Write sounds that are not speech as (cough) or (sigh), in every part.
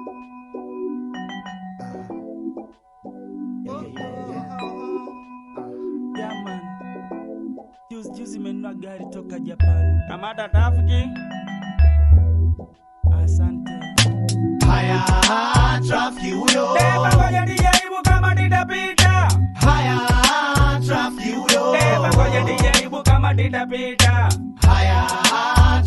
Juzi gari toka Japan. Kamata Tafiki, asante. Haya, Tafiki huyo. Beba ngoja nijaribu kama nitapita. Haya, Tafiki huyo. Beba ngoja nijaribu kama nitapita. Haya,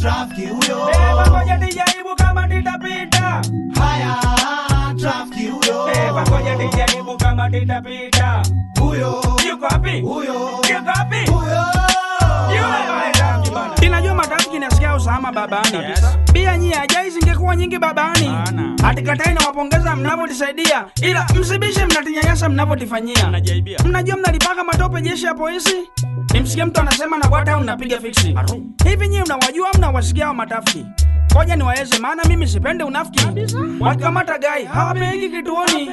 trafiki huyo. Ewa ngoja nijaribu kama nitapita. Haya, trafiki huyo. Ewa ngoja nijaribu kama nitapita. Huyo. Yuko wapi? Huyo. Yuko wapi? Huyo. Yule. Inajua matrafiki nasikia usalama babani. Yes. Pia nyie ajaizi kuwa nyingi babani, hatikatai na wapongeza mnavyotisaidia, ila msibishe mnatinyanyasa mnavyotifanyia. Mnajua mnalipaka matope jeshi ya polisi, nimsikie mtu anasema na bwata mnapiga fiksi hivi. Nyinyi mnawajua mnawasikia wa matafiki Koja ni waeze maana mimi sipende unafiki. Wakikamata gai hawapeleki kituoni.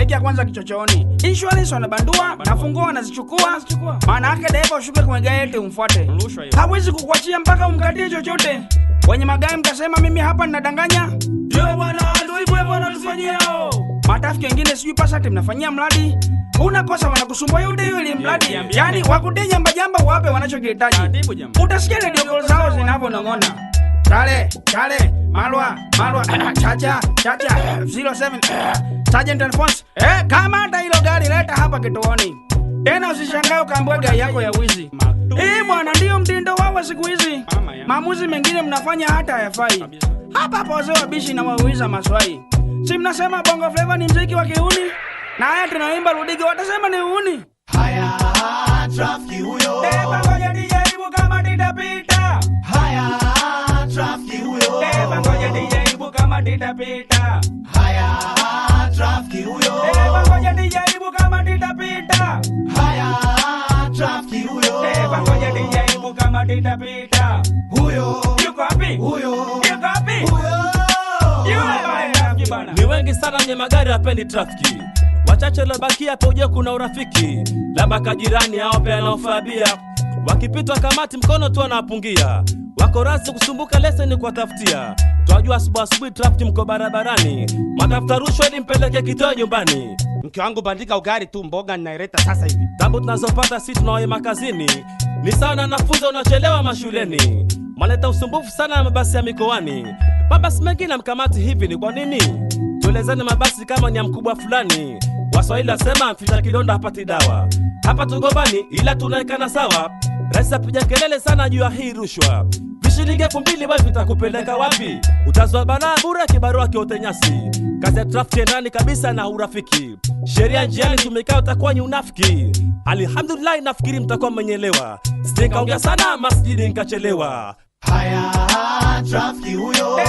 Eki ya kwanza kichochoni. Insurance wanabandua na funguo wanazichukua. Maana yake dereva ushuke kwenye gai yete umfuate. Hawezi kukuachia mpaka umkatie chochote. Wenye magai mtasema mimi hapa ninadanganya. Leo bwana ndio bwana tufanyia Matafiki wengine sijui pasa ati mnafanyia mradi. Unakosa wanakusumbua yote hiyo ile mradi. yani wakudai jamba jamba wape wanachokihitaji. Utasikia redio call zao zinavyonong'ona. chale chale Malwa, Malwa, (clears throat) Chacha, Chacha, 07, (clears throat) Sergeant Alphonse. Eh, kama hata ilo gari leta hapa kituoni. Tena usishangae ukaambiwa gari yako ya wizi. Eh bwana, ndio mtindo wao siku hizi. Maamuzi mengine mnafanya hata hayafai. Hapa hapa wazee wabishi na wauliza maswali. Si mnasema bongo flava ni mziki wa kiuni, na haya tunaimba Ludigo watasema ni uuni. Haya trafiki huyo. Eh bwana, ngoja ibu kama nitapita. Haya trafiki huyo. Eh bwana, ngoja ibu kama nitapita. Haya trafiki huyo. Eh bwana, ngoja ibu kama nitapita. Haya Seba ngoja dijaibu kama pita. Huyo yuko wapi? Huyo yuko wapi? Huyo yule bwana bana. Ni wengi sana wenye magari hapendi trafiki. Wachache lobakia hapo uje kuna urafiki. Labda kajirani hao pia ufabia. Wakipitwa kamati mkono tu anapungia. Wako razi kusumbuka leseni taftia. Twajua asubuhi asubuhi trafiki mko barabarani. Matafuta rushwa ili mpeleke kitoa nyumbani mke wangu bandika ugari tu, mboga ninaileta sasa hivi. Tabu tunazopata si tunaoima kazini ni sana, nafunza unachelewa mashuleni, maleta usumbufu sana na mabasi ya mikoani, mabasi mengine mkamati hivi ni kwa nini? Tuelezane mabasi kama ni ya mkubwa fulani. Waswahili wasema mficha kidonda hapati dawa. Hapa tugobani ila tunaekana sawa. Rais apiga kelele sana juu ya hii rushwa, vishilingi elfu mbili basi vitakupeleka wapi? Utazwa bana bure kibarua kiote nyasi, kazi ya trafiki endani kabisa na urafiki, sheria njiani tumekaa utakuwa ni unafiki. Alhamdulillah, nafikiri mtakuwa mmenyelewa, sijekaongea sana masjidi nikachelewa. Haya, trafiki huyo eh,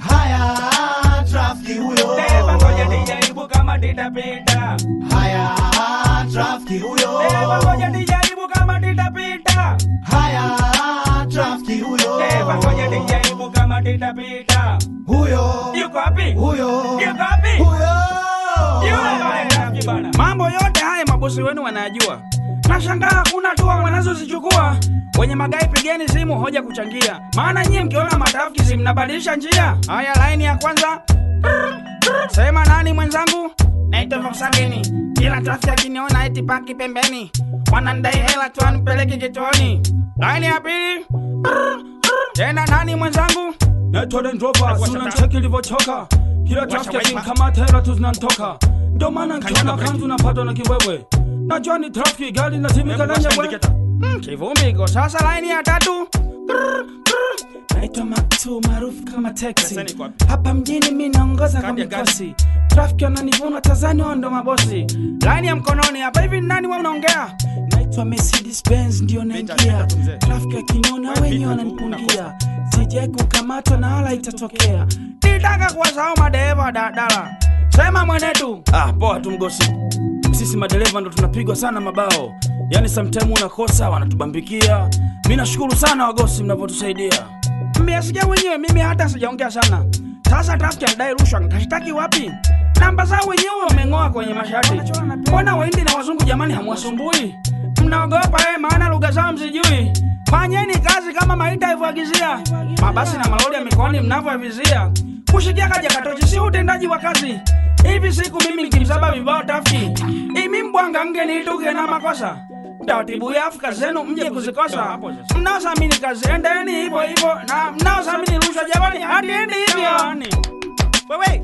Haya, trafiki huyo eh, Haya, trafiki huyo, eh, ngoja nijaribu kama nitapita. Haya, trafiki huyo, eh, ngoja nijaribu kama nitapita. Huyo yuko wapi? Huyo yuko wapi? Huyo bana. Mambo yote haya mabosi wenu wanajua. Nashangaa kuna hatua mwanazozichukua wenye magai, pigeni simu hoja kuchangia, maana nyie mkiona matrafiki si mnabadilisha njia. Haya, laini ya kwanza. Sema nani mwenzangu? Naitwa Msageni ila tasi akiniona eti paki pembeni, wanandai hela tu anipeleke getoni. Laini ya pili tena nani mwenzangu? Unacheki ilivyochoka, kila tasi akinikamata hela tu zinanitoka, ndio maana nikiona kanzu napatwa na kiwewe, najua ni trafiki gari natimika na nyewe hmm, kivumbi iko sasa. Laini ya tatu naitwa Maktu maarufu kama Teksi, hapa mjini mi naongoza kama mikosi trafiki wananivuna wao ndo mabosi. Laini ya mkononi hapa hivi nani wewe unaongea? Naitwa Mercedes Benz ndio naingia. Trafiki akiniona wenye wananipungia. Sijai kukamatwa na wala itatokea. Nitaka kuwasahau madereva dadala. Sema mwenetu. Ah, poa tu mgosi. Sisi madereva ndo tunapigwa sana mabao. Yaani samtaimu unakosa wanatubambikia. mi nashukuru sana wagosi mnavyotusaidia. Mmesikia mwenyewe mimi hata sijaongea sana. Sasa trafiki anadai rushwa, nkashitaki wapi? namba zao wenyewe wameng'oa kwenye mashati. Mbona waindi na Wazungu jamani, hamwasumbui? Mnaogopa eh, maana lugha zao mzijui. Fanyeni kazi kama maita ivyoagizia, mabasi na malori ya mikoani mnavyoavizia. Kushikia kaja katochi si utendaji wa kazi. Hivi siku mimi nikimsaba vibao tafi imi mbwanga mge niituke na makosa taratibu ya Afrika zenu mje kuzikosa. Mnaosamini kazi endeni hivyo hivyo, na mnaosamini rushwa jamani, hadi endi hivyo wewe